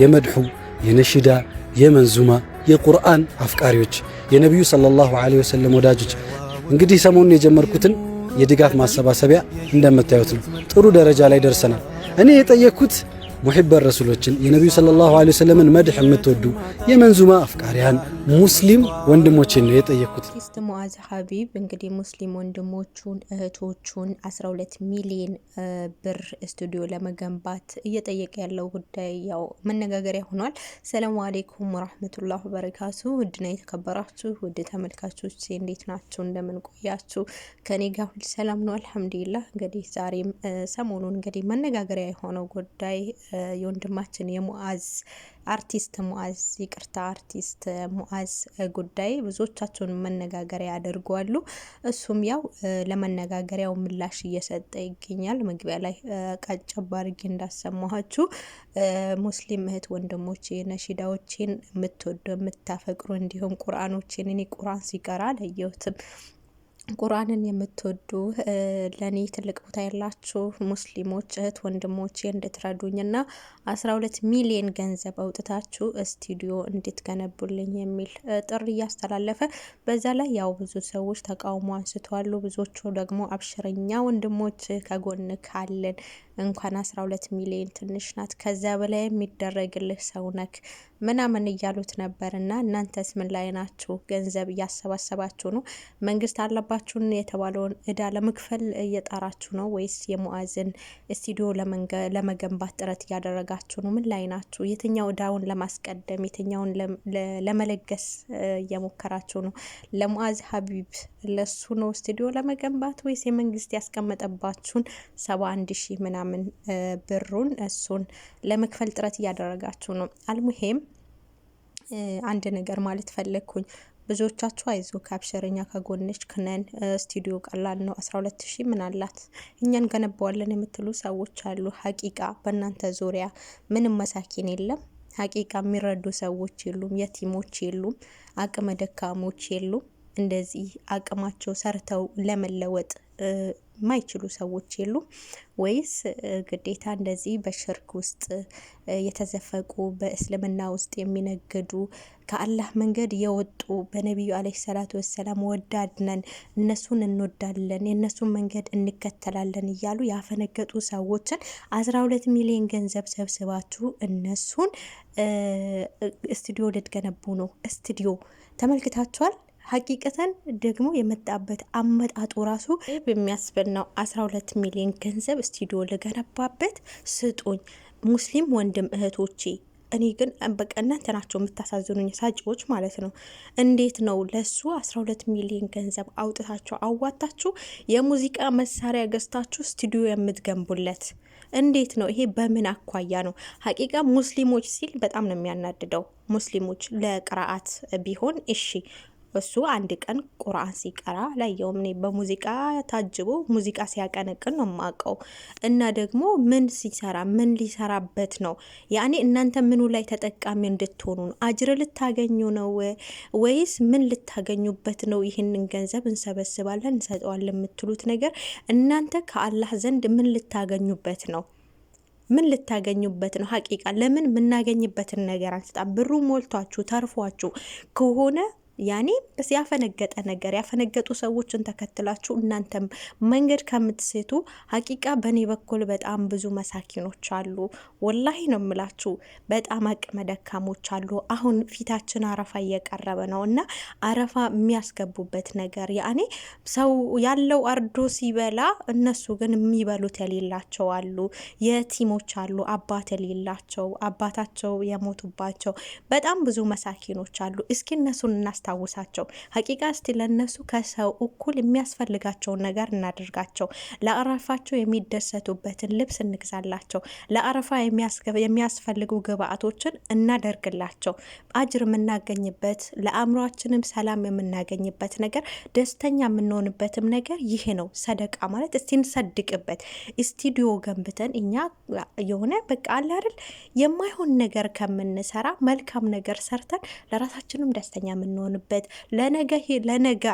የመድሑ የነሽዳ የመንዙማ የቁርአን አፍቃሪዎች የነቢዩ ሰለላሁ ዐለይሂ ወሰለም ወዳጆች እንግዲህ ሰሞኑን የጀመርኩትን የድጋፍ ማሰባሰቢያ እንደምታዩት ነው። ጥሩ ደረጃ ላይ ደርሰናል። እኔ የጠየቅኩት ሙሒበ ረሱሎችን የነቢዩ ሰለላሁ ዐለይሂ ወሰለምን መድሕ የምትወዱ የመንዙማ አፍቃሪያን ሙስሊም ወንድሞችን ነው የጠየኩት። አርቲስት ሙአዝ ሀቢብ እንግዲህ ሙስሊም ወንድሞቹን እህቶቹን 12 ሚሊዮን ብር ስቱዲዮ ለመገንባት እየጠየቀ ያለው ጉዳይ ያው መነጋገሪያ ሆኗል። ሰላሙ አሌይኩም ወራህመቱላሁ በረካቱ። ውድና የተከበራችሁ ውድ ተመልካቾች እንዴት ናችሁ? እንደምን ቆያችሁ? ከኔ ጋር ሁል ሰላም ነው አልሐምዱሊላ። እንግዲህ ዛሬም ሰሞኑን እንግዲህ መነጋገሪያ የሆነው ጉዳይ የወንድማችን የሙአዝ አርቲስት ሙአዝ ይቅርታ፣ አርቲስት ሙአዝ ጉዳይ ብዙዎቻቸውን መነጋገሪያ ያደርገዋሉ። እሱም ያው ለመነጋገሪያው ምላሽ እየሰጠ ይገኛል። መግቢያ ላይ ቀጨባ አድርጌ እንዳሰማኋችሁ ሙስሊም እህት ወንድሞቼ፣ ነሺዳዎቼን የምትወዱ የምታፈቅሩ እንዲሁም ቁርአኖቼን እኔ ቁርአን ሲቀራ አላየሁትም ቁርአንን የምትወዱ ለእኔ ትልቅ ቦታ ያላችሁ ሙስሊሞች እህት ወንድሞች እንድትረዱኝ ና አስራ ሁለት ሚሊዮን ገንዘብ አውጥታችሁ ስቱዲዮ እንድትገነቡልኝ የሚል ጥሪ እያስተላለፈ በዛ ላይ ያው ብዙ ሰዎች ተቃውሞ አንስተዋሉ። ብዙዎቹ ደግሞ አብሽረኛ ወንድሞች ከጎን ካለን እንኳን አስራ ሁለት ሚሊየን ትንሽ ናት፣ ከዛ በላይ የሚደረግልህ ሰው ነክ ምናምን እያሉት ነበር እና እናንተስ ምን ላይ ናችሁ? ገንዘብ እያሰባሰባችሁ ነው? መንግስት አለባችሁን የተባለውን እዳ ለመክፈል እየጣራችሁ ነው ወይስ የሙአዝን ስቱዲዮ ለመገንባት ጥረት እያደረጋችሁ ነው? ምን ላይ ናችሁ? የትኛው እዳውን ለማስቀደም የትኛውን ለመለገስ እየሞከራችሁ ነው? ለሙአዝ ሀቢብ ለሱ ነው ስቱዲዮ ለመገንባት ወይስ የመንግስት ያስቀመጠባችሁን ሰባ አንድ ሺህ ምናምን ብሩን እሱን ለመክፈል ጥረት እያደረጋችሁ ነው? አልሙሄም አንድ ነገር ማለት ፈለግኩኝ። ብዙዎቻችሁ አይዞ ካፕሸረኛ ከጎንች ክነን ስቱዲዮ ቀላል ነው፣ 12 ሺህ ምን አላት እኛን ገነባዋለን የምትሉ ሰዎች አሉ። ሀቂቃ በእናንተ ዙሪያ ምንም መሳኪን የለም። ሀቂቃ የሚረዱ ሰዎች የሉም፣ የቲሞች የሉም፣ አቅመ ደካሞች የሉም። እንደዚህ አቅማቸው ሰርተው ለመለወጥ የማይችሉ ሰዎች የሉም ወይስ ግዴታ እንደዚህ በሽርክ ውስጥ የተዘፈቁ በእስልምና ውስጥ የሚነግዱ ከአላህ መንገድ የወጡ በነቢዩ አለይሂ ሰላቱ ወሰላም ወዳድ ነን እነሱን እንወዳለን የእነሱን መንገድ እንከተላለን እያሉ ያፈነገጡ ሰዎችን አስራ ሁለት ሚሊዮን ገንዘብ ሰብስባችሁ እነሱን ስቱዲዮ ልትገነቡ ነው። ስቱዲዮ ተመልክታችኋል። ሀቂቀተን ደግሞ የመጣበት አመጣጡ ራሱ በሚያስብል ነው። 12 ሚሊዮን ገንዘብ ስቱዲዮ ልገነባበት ስጡኝ፣ ሙስሊም ወንድም እህቶቼ። እኔ ግን በቃ እናንተ ናቸው የምታሳዝኑኝ፣ ሳጭዎች ማለት ነው። እንዴት ነው ለሱ ሁለት ሚሊዮን ገንዘብ አውጥታችሁ አዋታችሁ የሙዚቃ መሳሪያ ገዝታችሁ ስቱዲዮ የምትገንቡለት? እንዴት ነው ይሄ? በምን አኳያ ነው? ሀቂቃ ሙስሊሞች ሲል በጣም ነው የሚያናድደው። ሙስሊሞች ለቅርአት ቢሆን እሺ እሱ አንድ ቀን ቁርአን ሲቀራ ላየውም እኔ በሙዚቃ ታጅቦ ሙዚቃ ሲያቀነቅን ነው የማውቀው። እና ደግሞ ምን ሲሰራ ምን ሊሰራበት ነው? ያኔ እናንተ ምኑ ላይ ተጠቃሚ እንድትሆኑ ነው? አጅር ልታገኙ ነው ወይስ ምን ልታገኙበት ነው? ይህንን ገንዘብ እንሰበስባለን እንሰጠዋለን የምትሉት ነገር እናንተ ከአላህ ዘንድ ምን ልታገኙበት ነው? ምን ልታገኙበት ነው? ሀቂቃ ለምን የምናገኝበትን ነገር አንስጣ ብሩ ሞልቷችሁ ተርፏችሁ ከሆነ ያኔ ያፈነገጠ ነገር ያፈነገጡ ሰዎችን ተከትላችሁ እናንተም መንገድ ከምትስቱ ሀቂቃ በእኔ በኩል በጣም ብዙ መሳኪኖች አሉ። ወላሂ ነው የምላችሁ። በጣም አቅመ ደካሞች አሉ። አሁን ፊታችን አረፋ እየቀረበ ነው እና አረፋ የሚያስገቡበት ነገር ያኔ ሰው ያለው አርዶ ሲበላ፣ እነሱ ግን የሚበሉት የሌላቸው አሉ። የቲሞች አሉ። አባት የሌላቸው አባታቸው የሞቱባቸው በጣም ብዙ መሳኪኖች አሉ። እስኪ እነሱን እናስ እናስታውሳቸው። ሀቂቃ እስቲ ለእነሱ ከሰው እኩል የሚያስፈልጋቸውን ነገር እናደርጋቸው። ለአረፋቸው የሚደሰቱበትን ልብስ እንግዛላቸው። ለአረፋ የሚያስፈልጉ ግብአቶችን እናደርግላቸው። አጅር የምናገኝበት ለአእምሯችንም ሰላም የምናገኝበት ነገር፣ ደስተኛ የምንሆንበትም ነገር ይሄ ነው። ሰደቃ ማለት እስቲ እንሰድቅበት። ስቱዲዮ ገንብተን እኛ የሆነ በቃ አለ አይደል የማይሆን ነገር ከምንሰራ መልካም ነገር ሰርተን ለራሳችንም ደስተኛ የምንሆን የምንሆንበት ለነገ ለነገ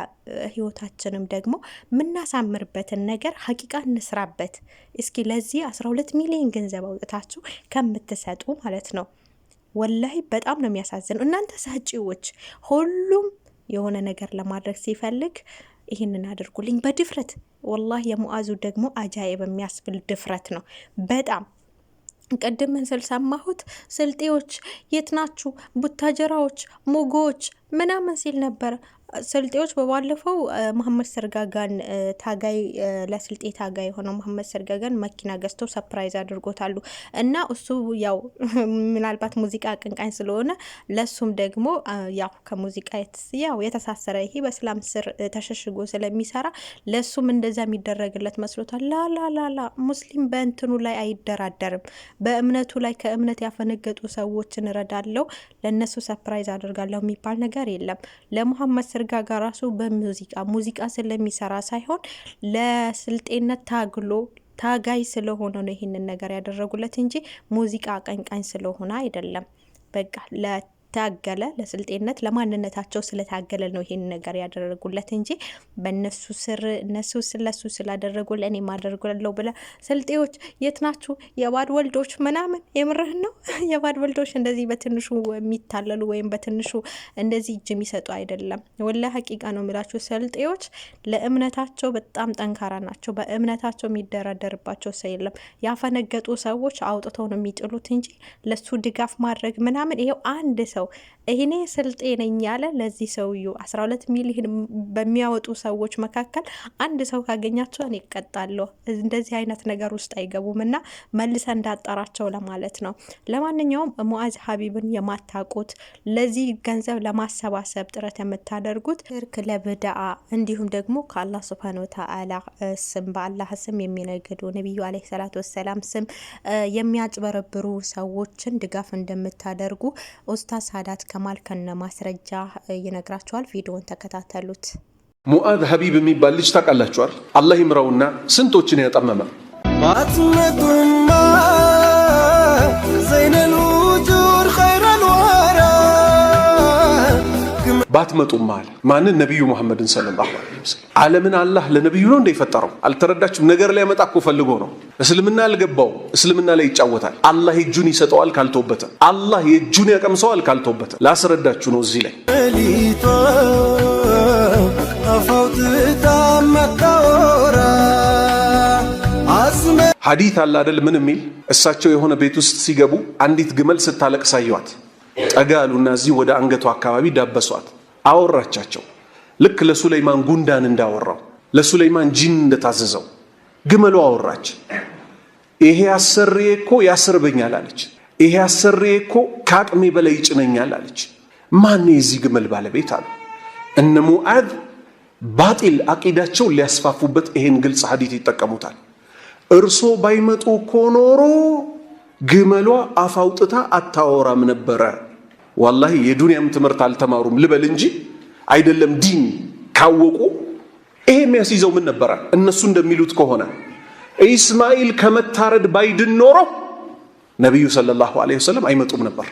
ህይወታችንም ደግሞ የምናሳምርበትን ነገር ሀቂቃ እንስራበት። እስኪ ለዚህ ሁለት ሚሊዮን ገንዘብ አውጥታችሁ ከምትሰጡ ማለት ነው። ወላይ በጣም ነው የሚያሳዝነው። እናንተ ሰጪዎች፣ ሁሉም የሆነ ነገር ለማድረግ ሲፈልግ ይህንን አድርጉልኝ በድፍረት ወላህ የሙአዙ ደግሞ አጃይብ የሚያስብል ድፍረት ነው በጣም ቅድምን ስል ሰማሁት ስልጤዎች፣ የት ናችሁ? ቡታጀራዎች፣ ሞጎዎች ምናምን ሲል ነበር። ስልጤዎች በባለፈው መሐመድ ሰርጋጋን ታጋይ ለስልጤ ታጋይ የሆነው መሐመድ ሰርጋጋን መኪና ገዝተው ሰፕራይዝ አድርጎታሉ እና እሱ ያው ምናልባት ሙዚቃ አቀንቃኝ ስለሆነ ለሱም ደግሞ ያው ከሙዚቃ ያው የተሳሰረ ይሄ በስላም ስር ተሸሽጎ ስለሚሰራ ለሱም እንደዛ የሚደረግለት መስሎታል። ላላላላ ሙስሊም በእንትኑ ላይ አይደራደርም፣ በእምነቱ ላይ ከእምነት ያፈነገጡ ሰዎችን ረዳለው ለእነሱ ሰፕራይዝ አድርጋለሁ የሚባል ነገር የለም ለሙሐመድ ሰርጋ ጋር ራሱ በሙዚቃ ሙዚቃ ስለሚሰራ ሳይሆን ለስልጤነት ታግሎ ታጋይ ስለሆነ ነው ይህንን ነገር ያደረጉለት እንጂ ሙዚቃ አቀንቃኝ ስለሆነ አይደለም። በቃ ታገለ ለስልጤነት ለማንነታቸው ስለታገለ ነው ይሄን ነገር ያደረጉለት እንጂ በእነሱ ስር እነሱ ስለሱ ስላደረጉ ለእኔ ማደርጉለው ብለ ስልጤዎች የት ናችሁ? የባድ ወልዶች ምናምን የምርህን ነው። የባድ ወልዶች እንደዚህ በትንሹ የሚታለሉ ወይም በትንሹ እንደዚህ እጅ የሚሰጡ አይደለም። ወላ ሀቂቃ ነው የሚላችሁ። ስልጤዎች ለእምነታቸው በጣም ጠንካራ ናቸው። በእምነታቸው የሚደራደርባቸው ሰው የለም። ያፈነገጡ ሰዎች አውጥተው ነው የሚጥሉት እንጂ ለሱ ድጋፍ ማድረግ ምናምን ይሄው አንድ ሰው ሰው እኔ ስልጤ ነኝ ያለ ለዚህ ሰውዩ አስራ ሁለት ሚሊዮን በሚያወጡ ሰዎች መካከል አንድ ሰው ካገኛቸው እኔ እቀጣለሁ። እንደዚህ አይነት ነገር ውስጥ አይገቡም እና መልሰ እንዳጣራቸው ለማለት ነው። ለማንኛውም ሙአዝ ሀቢብን የማታቁት ለዚህ ገንዘብ ለማሰባሰብ ጥረት የምታደርጉት ሽርክ ለብድአ እንዲሁም ደግሞ ከአላህ ስብሃነ ወተዓላ ስም በአላህ ስም የሚነግዱ ነቢዩ አለይሂ ሰላቱ ወሰላም ስም የሚያጭበረብሩ ሰዎችን ድጋፍ እንደምታደርጉ ኡስታዝ ሳዳት ከማል ከነ ማስረጃ ይነግራቸዋል። ቪዲዮን ተከታተሉት። ሙአዝ ሀቢብ የሚባል ልጅ ታውቃላችኋል። አላህ ይምራውና ስንቶችን ያጠመመ ባትመጡም አለ። ማንን? ነቢዩ መሐመድን ሰለላሁ ዐለይሂ ወሰለም። ዓለምን አላህ ለነቢዩ ነው እንደ የፈጠረው አልተረዳችሁም? ነገር ላይ ያመጣ እኮ ፈልጎ ነው። እስልምና አልገባው፣ እስልምና ላይ ይጫወታል። አላህ የእጁን ይሰጠዋል ካልተውበተ፣ አላህ የእጁን ያቀምሰዋል ካልተውበተ። ላስረዳችሁ ነው እዚህ ላይ ሐዲት አለ ምን የሚል እሳቸው የሆነ ቤት ውስጥ ሲገቡ አንዲት ግመል ስታለቅ አየዋት። ጠጋ አሉና እዚህ ወደ አንገቷ አካባቢ ዳበሷት። አወራቻቸው። ልክ ለሱለይማን ጉንዳን እንዳወራው ለሱለይማን ጂን እንደታዘዘው ግመሉ አወራች። ይሄ አሰሪዬ እኮ ያስርበኛል አለች። ይሄ አሰሪዬ እኮ ከአቅሜ በላይ ይጭነኛል አለች። ማን የዚህ ግመል ባለቤት አሉ። እነ ሙዓዝ ባጢል አቂዳቸው ሊያስፋፉበት ይሄን ግልጽ ሀዲት ይጠቀሙታል። እርሶ ባይመጡ እኮ ኖሮ ግመሏ አፋውጥታ አታወራም ነበረ። ዋላሂ የዱንያም ትምህርት አልተማሩም ልበል እንጂ አይደለም ዲን ካወቁ ይሄ የሚያስይዘው ምን ነበረ? እነሱ እንደሚሉት ከሆነ ኢስማኤል ከመታረድ ባይድን ኖሮ ነቢዩ ሰለላሁ ዐለይሂ ወሰለም አይመጡም ነበር።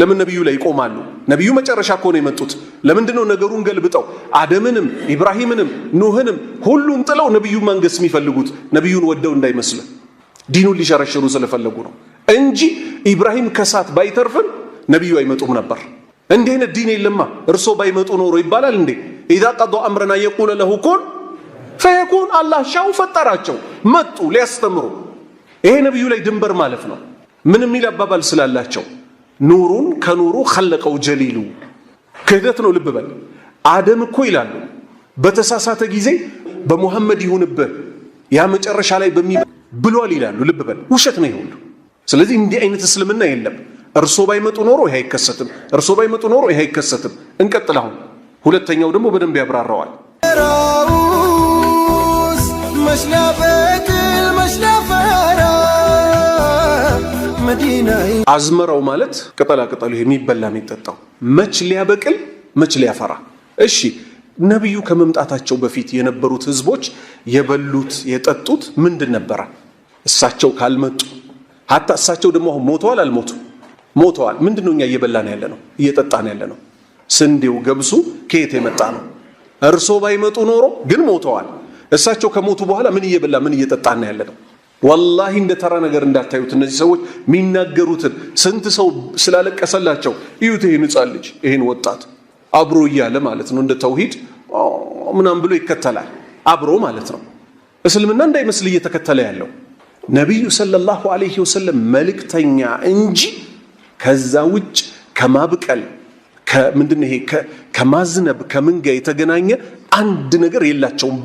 ለምን ነቢዩ ላይ ይቆማሉ? ነቢዩ መጨረሻ ከሆነ የመጡት ለምንድን ነው? ነገሩን ገልብጠው አደምንም ኢብራሂምንም ኑህንም ሁሉን ጥለው ነቢዩ መንገስ የሚፈልጉት ነቢዩን ወደው እንዳይመስል ዲኑን ሊሸረሽሩ ስለፈለጉ ነው እንጂ ኢብራሂም ከሳት ባይተርፍም ነቢዩ አይመጡም ነበር። እንዲህ አይነት ዲን የለማ እርሶ ባይመጡ ኖሮ ይባላል እንዴ? ኢዛ ቀዶ አምረና የቁለ ለሁ ኩን ፈየኩን። አላህ ሻው ፈጠራቸው፣ መጡ ሊያስተምሩ። ይሄ ነቢዩ ላይ ድንበር ማለፍ ነው። ምን የሚል አባባል ስላላቸው ኑሩን ከኑሩ ኸለቀው ጀሊሉ ክህደት ነው። ልብ በል አደም እኮ ይላሉ በተሳሳተ ጊዜ በሙሐመድ ይሁንብህ ያ መጨረሻ ላይ በሚ ብሏል ይላሉ። ልብ በል ውሸት ነው ይሁን። ስለዚህ እንዲህ አይነት እስልምና የለም። እርሶ ባይመጡ ኖሮ ይሄ አይከሰትም፣ እርሶ ባይመጡ ኖሮ ይሄ አይከሰትም። እንቀጥል። አሁን ሁለተኛው ደግሞ በደንብ ያብራራዋል። አዝመራው ማለት ቅጠላ ቅጠሉ የሚበላ የሚጠጣው መች ሊያበቅል መች ሊያፈራ። እሺ ነቢዩ ከመምጣታቸው በፊት የነበሩት ህዝቦች የበሉት የጠጡት ምንድን ነበረ? እሳቸው ካልመጡ ሀታ እሳቸው ደግሞ አሁን ሞተዋል አልሞቱ ሞተዋል። ምንድን ነው እኛ እየበላን ያለ ነው እየጠጣን ያለ ነው? ስንዴው ገብሱ ከየት የመጣ ነው? እርሶ ባይመጡ ኖሮ ግን ሞተዋል። እሳቸው ከሞቱ በኋላ ምን እየበላ ምን እየጠጣን ያለ ነው? ወላሂ እንደ ተራ ነገር እንዳታዩት። እነዚህ ሰዎች የሚናገሩትን ስንት ሰው ስላለቀሰላቸው እዩት። ይህን ሕፃን ልጅ ይህን ወጣት አብሮ እያለ ማለት ነው እንደ ተውሂድ ምናምን ብሎ ይከተላል። አብሮ ማለት ነው እስልምና እንዳይመስል እየተከተለ ያለው ነቢዩ ሰለላሁ ዐለይሂ ወሰለም መልእክተኛ እንጂ ከዛ ውጭ ከማብቀል ምንድን ይሄ ከማዝነብ ከምን ጋር የተገናኘ አንድ ነገር የላቸውም።